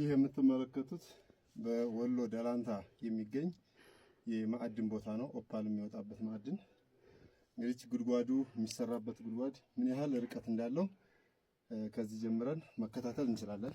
ይህ የምትመለከቱት በወሎ ደላንታ የሚገኝ የማዕድን ቦታ ነው። ኦፓል የሚወጣበት ማዕድን እንግዲህ ጉድጓዱ የሚሰራበት ጉድጓድ ምን ያህል ርቀት እንዳለው ከዚህ ጀምረን መከታተል እንችላለን።